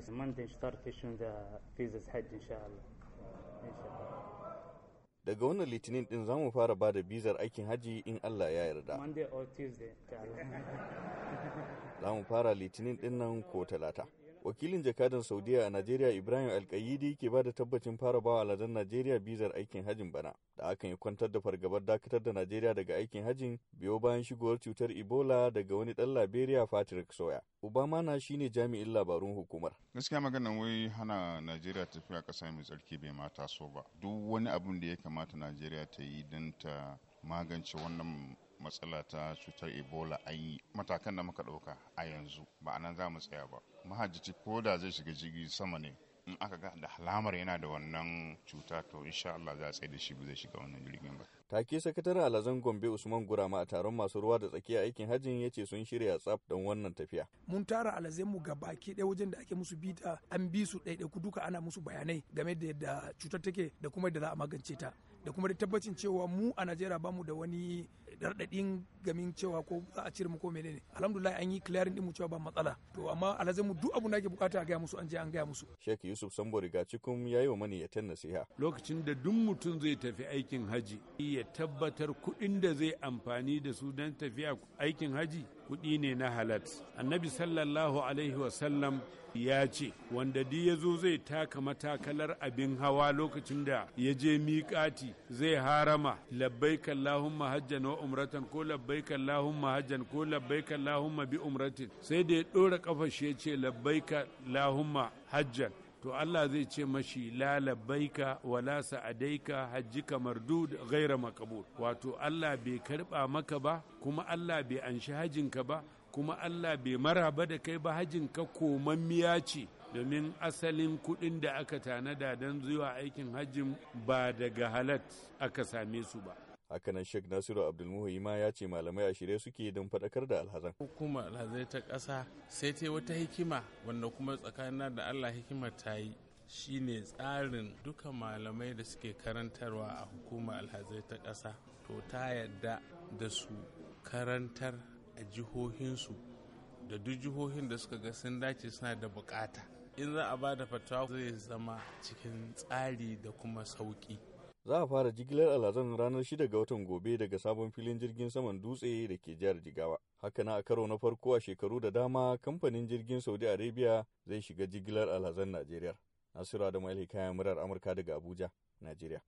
this month and start issuing the visas hajj inshallah daga wannan litinin din za mu fara ba da bizar aikin hajji in Allah ya yarda. Monday or Tuesday. Za mu fara litinin din nan ko talata. wakilin jakadan saudiya a najeriya ibrahim alkayidi ke ba da tabbacin fara bawa aladen najeriya bizar aikin hajin bana da aka yi kwantar da fargabar dakatar da najeriya daga aikin hajin biyo bayan shigowar cutar ebola daga wani dan liberia patrick soya obama na shine jami'in labarun hukumar gaskiya maganan wai hana najeriya tafiya kasa mai tsarki bai mata so ba duk wani abin da ya kamata najeriya ta yi don ta magance wannan matsala ta cutar ebola an yi matakan da muka ɗauka a yanzu ba a nan za mu tsaya ba mahajjici ko da zai shiga jirgin sama ne in aka ga da halamar yana da wannan cuta to insha Allah za a tsaye da shi ba zai shiga wannan jirgin ba. Take sakataren alazan Gombe Usman Gurama a taron masu ruwa da tsakiya aikin hajjin ya ce sun shirya tsaf don wannan tafiya. Mun tara alazan mu baki ɗaya wajen da ake musu bita an bi su ɗaiɗaiku duka ana musu bayanai game da yadda cutar take da kuma yadda za a magance ta da kuma da tabbacin cewa mu a Najeriya bamu da wani raɗaɗin gamin cewa ko za a cire mu ko menene alhamdulillah an yi clearing din mu cewa ba matsala to amma alhazan mu duk abu da bukata a gaya musu an je an gaya musu Sheikh Yusuf Sambo riga cikin yayi wa mani ya tanna siha lokacin da duk mutum zai tafi aikin haji ya tabbatar kuɗin da zai amfani da su don tafiya aikin haji kuɗi ne na halat annabi sallallahu alaihi wasallam ya ce wanda di ya zo zai taka matakalar abin hawa lokacin da ya je miƙati zai harama labbaik allahumma hajjan wa umratan ko labbai labbaika Allahumma hajjan ko labbaika Allahumma bi umratin sai da ya dora kafar shi ya ce labbaika Allahumma hajjan to Allah zai ce mashi la labbaika wala sa'adaika hajjika mardud ghaira makabul wato Allah bai karba maka ba kuma Allah bai anshi ka ba kuma Allah bai maraba da kai ba hajinka miya ce domin asalin kuɗin da aka tanada don zuwa aikin hajjin ba daga halat aka same su ba hakanan sheikh nasiru abdulmuhi ma ya ce malamai a shirye suke don faɗakar da alhazan hukumar alhazai ta ƙasa sai ta wata hikima wanda kuma tsakanin da allah hikimar ta yi shine tsarin duka malamai da suke karantarwa a hukumar alhazai ta ƙasa to ta yadda da su karantar a jihohinsu da duk jihohin da suka ga sun dace suna da bukata in za a ba da fatawa zai zama cikin tsari da kuma sauƙi Za a fara jigilar alazan ranar 6 ga watan gobe daga sabon filin jirgin saman dutse da ke jihar Jigawa. Haka na a karo na farko a shekaru da dama kamfanin jirgin Saudi Arabia zai shiga jigilar alazan Najeriya. Nasiru Adamu Ali kayan murar Amurka daga Abuja, Najeriya.